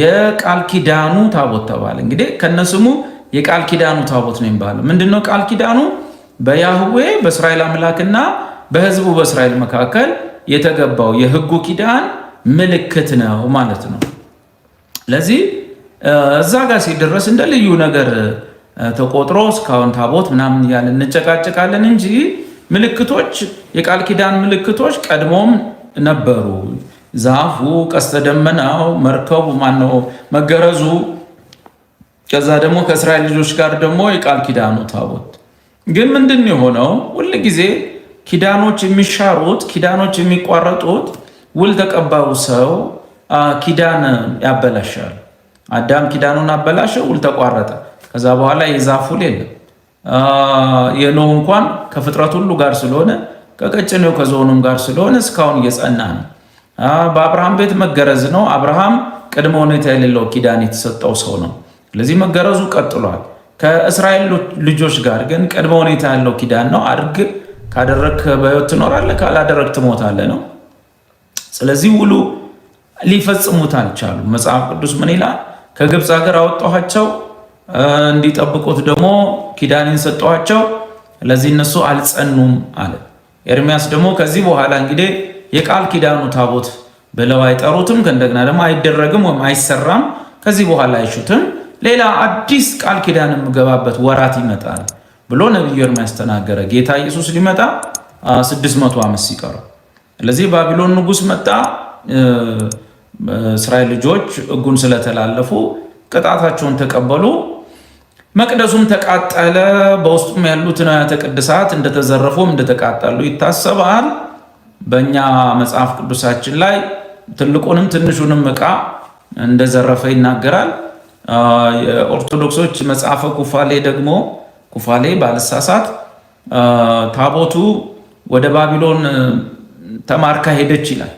የቃል ኪዳኑ ታቦት ተባለ። እንግዲህ ከነስሙ የቃል ኪዳኑ ታቦት ነው የሚባለው። ምንድነው ቃል ኪዳኑ? በያህዌ በእስራኤል አምላክና በህዝቡ በእስራኤል መካከል የተገባው የህጉ ኪዳን ምልክት ነው ማለት ነው። ለዚህ እዛ ጋር ሲደረስ እንደ ልዩ ነገር ተቆጥሮ እስካሁን ታቦት ምናምን እያለ እንጨቃጨቃለን እንጂ ምልክቶች፣ የቃል ኪዳን ምልክቶች ቀድሞም ነበሩ። ዛፉ፣ ቀስተ ደመናው፣ መርከቡ ማነው መገረዙ፣ ከዛ ደግሞ ከእስራኤል ልጆች ጋር ደግሞ የቃል ኪዳኑ ታቦት። ግን ምንድን የሆነው ሁል ጊዜ ኪዳኖች የሚሻሩት ኪዳኖች የሚቋረጡት ውል ተቀባዩ ሰው ኪዳን ያበላሻል። አዳም ኪዳኑን አበላሸ፣ ውል ተቋረጠ። ከዛ በኋላ የዛፍ ውል የለም። የኖህ እንኳን ከፍጥረት ሁሉ ጋር ስለሆነ ከቀጭኔው ከዞኑም ጋር ስለሆነ እስካሁን እየጸና ነው። በአብርሃም ቤት መገረዝ ነው። አብርሃም ቅድመ ሁኔታ የሌለው ኪዳን የተሰጠው ሰው ነው። ስለዚህ መገረዙ ቀጥሏል። ከእስራኤል ልጆች ጋር ግን ቅድመ ሁኔታ ያለው ኪዳን ነው። አድርግ፣ ካደረግ በህይወት ትኖራለህ፣ ካላደረግ ትሞታለህ ነው። ስለዚህ ውሉ ሊፈጽሙት አልቻሉ መጽሐፍ ቅዱስ ምን ይላል? ከግብፅ ሀገር አወጣኋቸው እንዲጠብቁት ደግሞ ኪዳን ሰጠኋቸው። ለዚህ እነሱ አልጸኑም አለ። ኤርሚያስ ደግሞ ከዚህ በኋላ እንግዲህ የቃል ኪዳኑ ታቦት ብለው አይጠሩትም። ከእንደገና ደግሞ አይደረግም ወይም አይሰራም። ከዚህ በኋላ አይሹትም። ሌላ አዲስ ቃል ኪዳን የምገባበት ወራት ይመጣል ብሎ ነቢዩ ኤርምያስ ተናገረ። ጌታ ኢየሱስ ሊመጣ 600 ዓመት ሲቀሩ፣ ስለዚህ ባቢሎን ንጉስ መጣ። እስራኤል ልጆች እጉን ስለተላለፉ ቅጣታቸውን ተቀበሉ። መቅደሱም ተቃጠለ። በውስጡም ያሉት ንዋያተ ቅድሳት እንደተዘረፉም እንደተቃጠሉ ይታሰባል። በእኛ መጽሐፍ ቅዱሳችን ላይ ትልቁንም ትንሹንም ዕቃ እንደዘረፈ ይናገራል። ኦርቶዶክሶች መጽሐፈ ኩፋሌ ደግሞ ኩፋሌ ባልሳሳት ታቦቱ ወደ ባቢሎን ተማርካ ሄደች ይላል።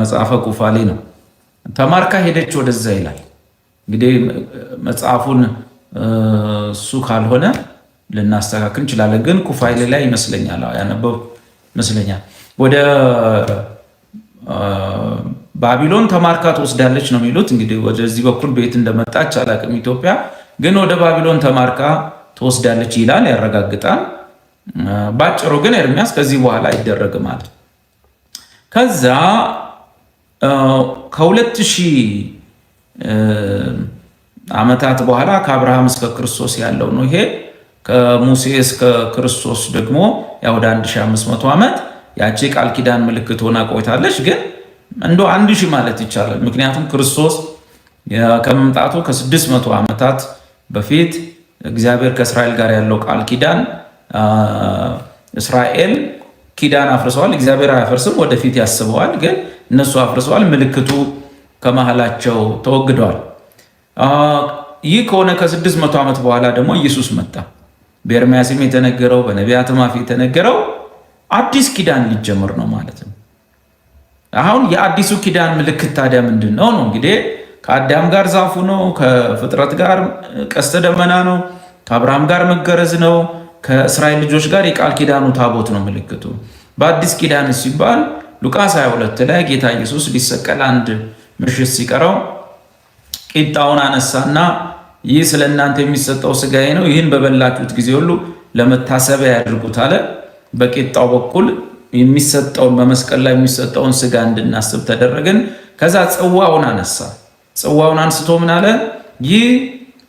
መጽሐፈ ኩፋሌ ነው። ተማርካ ሄደች ወደዛ ይላል። እንግዲህ መጽሐፉን እሱ ካልሆነ ልናስተካክል እንችላለን፣ ግን ኩፋሌ ላይ ይመስለኛል ያነበብኩት ይመስለኛል። ወደ ባቢሎን ተማርካ ትወስዳለች ነው የሚሉት። እንግዲህ ወደዚህ በኩል ቤት እንደመጣች አላቅም። ኢትዮጵያ ግን ወደ ባቢሎን ተማርካ ትወስዳለች ይላል፣ ያረጋግጣል። ባጭሩ ግን ኤርሚያስ ከዚህ በኋላ አይደረግም አለ። ከዛ ከሁለት ሺህ ዓመታት በኋላ ከአብርሃም እስከ ክርስቶስ ያለው ነው ይሄ። ከሙሴ እስከ ክርስቶስ ደግሞ ያው ወደ 1500 ዓመት ያቺ ቃል ኪዳን ምልክት ሆና ቆይታለች። ግን እንደ አንድ ሺህ ማለት ይቻላል። ምክንያቱም ክርስቶስ ከመምጣቱ ከ600 ዓመታት በፊት እግዚአብሔር ከእስራኤል ጋር ያለው ቃል ኪዳን እስራኤል ኪዳን አፍርሰዋል። እግዚአብሔር አያፈርስም፣ ወደፊት ያስበዋል። ግን እነሱ አፍርሰዋል። ምልክቱ ከመሃላቸው ተወግደዋል። ይህ ከሆነ ከ600 ዓመት በኋላ ደግሞ ኢየሱስ መጣ። በኤርምያስም የተነገረው በነቢያትም አፍ የተነገረው አዲስ ኪዳን ሊጀመር ነው ማለት ነው። አሁን የአዲሱ ኪዳን ምልክት ታዲያ ምንድን ነው ነው? እንግዲህ ከአዳም ጋር ዛፉ ነው፣ ከፍጥረት ጋር ቀስተ ደመና ነው፣ ከአብርሃም ጋር መገረዝ ነው፣ ከእስራኤል ልጆች ጋር የቃል ኪዳኑ ታቦት ነው ምልክቱ። በአዲስ ኪዳን ሲባል ሉቃስ 22 ላይ ጌታ ኢየሱስ ሊሰቀል አንድ ምሽት ሲቀረው ቂጣውን አነሳና ይህ ስለ እናንተ የሚሰጠው ስጋዬ ነው፣ ይህን በበላችሁት ጊዜ ሁሉ ለመታሰቢያ ያድርጉት አለ። በቂጣው በኩል የሚሰጠውን በመስቀል ላይ የሚሰጠውን ስጋ እንድናስብ ተደረግን። ከዛ ጽዋውን አነሳ። ጽዋውን አንስቶ ምን አለ? ይህ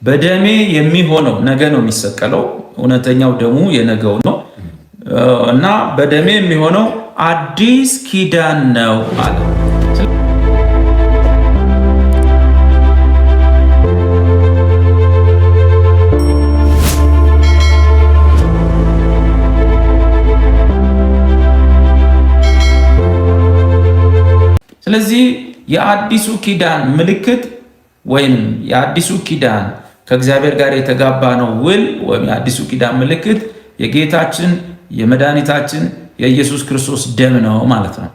በደሜ የሚሆነው ነገ ነው የሚሰቀለው። እውነተኛው ደሙ የነገው ነው እና በደሜ የሚሆነው አዲስ ኪዳን ነው አለ። የአዲሱ ኪዳን ምልክት ወይም የአዲሱ ኪዳን ከእግዚአብሔር ጋር የተጋባ ነው ውል ወይም የአዲሱ ኪዳን ምልክት የጌታችን የመድኃኒታችን የኢየሱስ ክርስቶስ ደም ነው ማለት ነው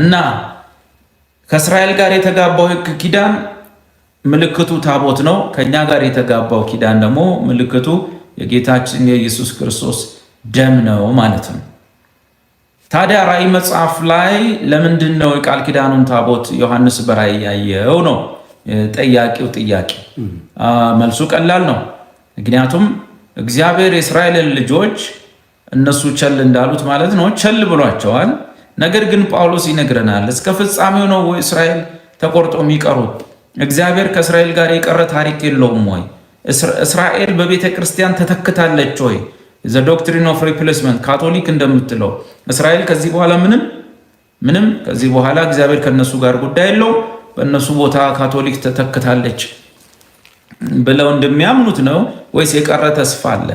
እና ከእስራኤል ጋር የተጋባው ሕግ ኪዳን ምልክቱ ታቦት ነው። ከእኛ ጋር የተጋባው ኪዳን ደግሞ ምልክቱ የጌታችን የኢየሱስ ክርስቶስ ደም ነው ማለት ነው። ታዲያ ራእይ መጽሐፍ ላይ ለምንድን ነው የቃል ኪዳኑን ታቦት ዮሐንስ በራእይ ያየው ነው ጠያቂው ጥያቄ። መልሱ ቀላል ነው። ምክንያቱም እግዚአብሔር የእስራኤልን ልጆች እነሱ ቸል እንዳሉት ማለት ነው ቸል ብሏቸዋል። ነገር ግን ጳውሎስ ይነግረናል፣ እስከ ፍጻሜው ነው ወይ እስራኤል ተቆርጦ የሚቀሩት? እግዚአብሔር ከእስራኤል ጋር የቀረ ታሪክ የለውም ወይ? እስራኤል በቤተ ክርስቲያን ተተክታለች ወይ? ዘ ዶክትሪን ኦፍ ሪፕሌስመንት ካቶሊክ እንደምትለው እስራኤል ከዚህ በኋላ ምንም ምንም ከዚህ በኋላ እግዚአብሔር ከነሱ ጋር ጉዳይ የለው በእነሱ ቦታ ካቶሊክ ተተክታለች ብለው እንደሚያምኑት ነው ወይስ የቀረ ተስፋ አለ?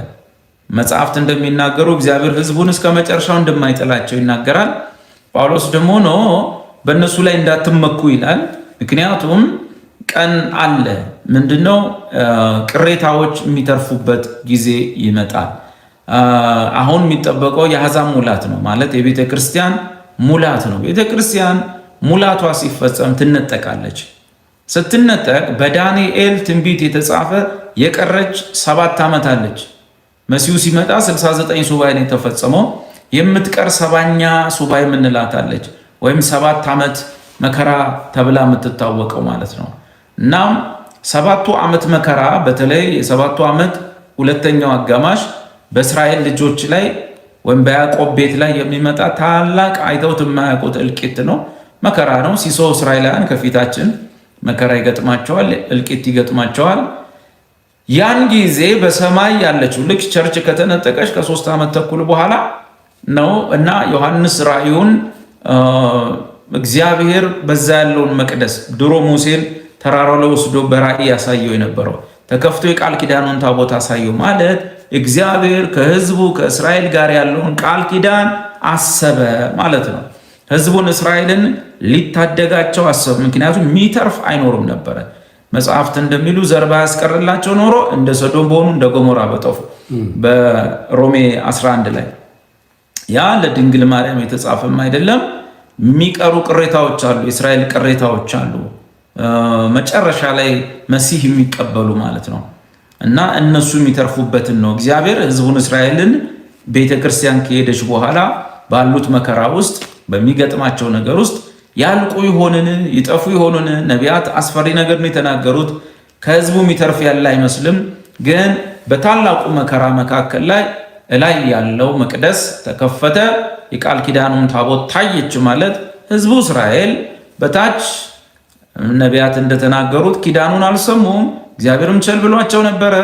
መጽሐፍት እንደሚናገሩ እግዚአብሔር ሕዝቡን እስከ መጨረሻው እንደማይጥላቸው ይናገራል። ጳውሎስ ደግሞ ኖ በእነሱ ላይ እንዳትመኩ ይላል። ምክንያቱም ቀን አለ። ምንድነው? ቅሬታዎች የሚተርፉበት ጊዜ ይመጣል። አሁን የሚጠበቀው የአሕዛብ ሙላት ነው ማለት የቤተ ክርስቲያን ሙላት ነው። ቤተ ክርስቲያን ሙላቷ ሲፈጸም ትነጠቃለች። ስትነጠቅ በዳንኤል ትንቢት የተጻፈ የቀረች ሰባት ዓመት አለች። መሲሁ ሲመጣ 69 ሱባይ ነው የተፈጸመው። የምትቀር ሰባኛ ሱባይ የምንላታለች ወይም ሰባት ዓመት መከራ ተብላ የምትታወቀው ማለት ነው። እናም ሰባቱ ዓመት መከራ በተለይ የሰባቱ ዓመት ሁለተኛው አጋማሽ በእስራኤል ልጆች ላይ ወይም በያዕቆብ ቤት ላይ የሚመጣ ታላቅ አይተውት የማያውቁት እልቂት ነው፣ መከራ ነው። ሲሶ እስራኤላውያን ከፊታችን መከራ ይገጥማቸዋል፣ እልቂት ይገጥማቸዋል። ያን ጊዜ በሰማይ ያለችው ልክ ቸርች ከተነጠቀች ከሶስት ዓመት ተኩል በኋላ ነው እና ዮሐንስ ራእዩን እግዚአብሔር በዛ ያለውን መቅደስ ድሮ ሙሴን ተራራው ላይ ወስዶ በራእይ ያሳየው የነበረው ተከፍቶ የቃል ኪዳኑን ታቦት አሳየው ማለት እግዚአብሔር ከህዝቡ ከእስራኤል ጋር ያለውን ቃል ኪዳን አሰበ ማለት ነው። ህዝቡን እስራኤልን ሊታደጋቸው አሰበ። ምክንያቱም ሚተርፍ አይኖርም ነበረ። መጽሐፍት እንደሚሉ ዘር ባያስቀርላቸው ኖሮ እንደ ሰዶም በሆኑ እንደ ጎሞራ በጠፉ በሮሜ 11 ላይ ያ ለድንግል ማርያም የተጻፈም አይደለም። የሚቀሩ ቅሬታዎች አሉ፣ የእስራኤል ቅሬታዎች አሉ። መጨረሻ ላይ መሲህ የሚቀበሉ ማለት ነው። እና እነሱ የሚተርፉበትን ነው። እግዚአብሔር ህዝቡን እስራኤልን ቤተ ክርስቲያን ከሄደች በኋላ ባሉት መከራ ውስጥ በሚገጥማቸው ነገር ውስጥ ያልቁ ይሆንን ይጠፉ ይሆንን? ነቢያት አስፈሪ ነገር ነው የተናገሩት። ከህዝቡ የሚተርፍ ያለ አይመስልም። ግን በታላቁ መከራ መካከል ላይ እላይ ያለው መቅደስ ተከፈተ፣ የቃል ኪዳኑን ታቦት ታየች ማለት ህዝቡ እስራኤል በታች ነቢያት እንደተናገሩት ኪዳኑን አልሰሙም እግዚአብሔርም ቸል ብሏቸው ነበረ።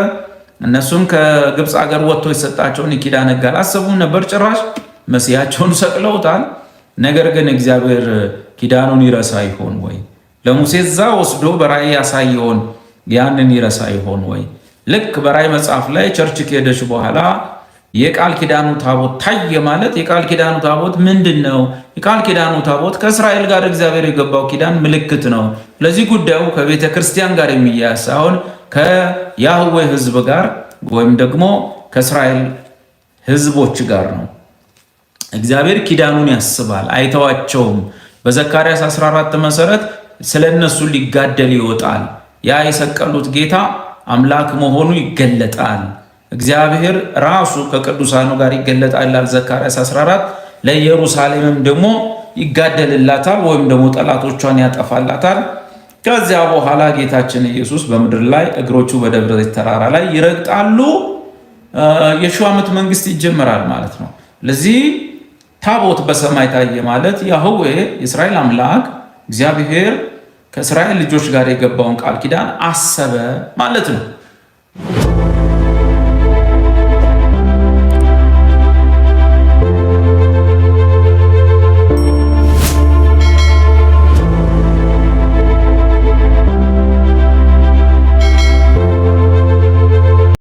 እነሱም ከግብፅ ሀገር ወጥቶ የሰጣቸውን የኪዳን ሕግ አላሰቡም ነበር። ጭራሽ መሲያቸውን ሰቅለውታል። ነገር ግን እግዚአብሔር ኪዳኑን ይረሳ ይሆን ወይ? ለሙሴ እዛ ወስዶ በራእይ ያሳየውን ያንን ይረሳ ይሆን ወይ? ልክ በራእይ መጽሐፍ ላይ ቸርች ከሄደች በኋላ የቃል ኪዳኑ ታቦት ታየ ማለት የቃል ኪዳኑ ታቦት ምንድን ነው? የቃል ኪዳኑ ታቦት ከእስራኤል ጋር እግዚአብሔር የገባው ኪዳን ምልክት ነው። ስለዚህ ጉዳዩ ከቤተ ክርስቲያን ጋር የሚያያዝ ሳይሆን ከያህዌ ሕዝብ ጋር ወይም ደግሞ ከእስራኤል ሕዝቦች ጋር ነው። እግዚአብሔር ኪዳኑን ያስባል፣ አይተዋቸውም። በዘካርያስ 14 መሰረት ስለ እነሱ ሊጋደል ይወጣል። ያ የሰቀሉት ጌታ አምላክ መሆኑ ይገለጣል። እግዚአብሔር ራሱ ከቅዱሳኑ ጋር ይገለጣል ይላል ዘካርያስ 14። ለኢየሩሳሌምም ደግሞ ይጋደልላታል ወይም ደግሞ ጠላቶቿን ያጠፋላታል። ከዚያ በኋላ ጌታችን ኢየሱስ በምድር ላይ እግሮቹ በደብረ ዘይት ተራራ ላይ ይረግጣሉ። የሺው ዓመት መንግስት ይጀመራል ማለት ነው። ለዚህ ታቦት በሰማይ ታየ ማለት ያህዌ የእስራኤል አምላክ እግዚአብሔር ከእስራኤል ልጆች ጋር የገባውን ቃል ኪዳን አሰበ ማለት ነው።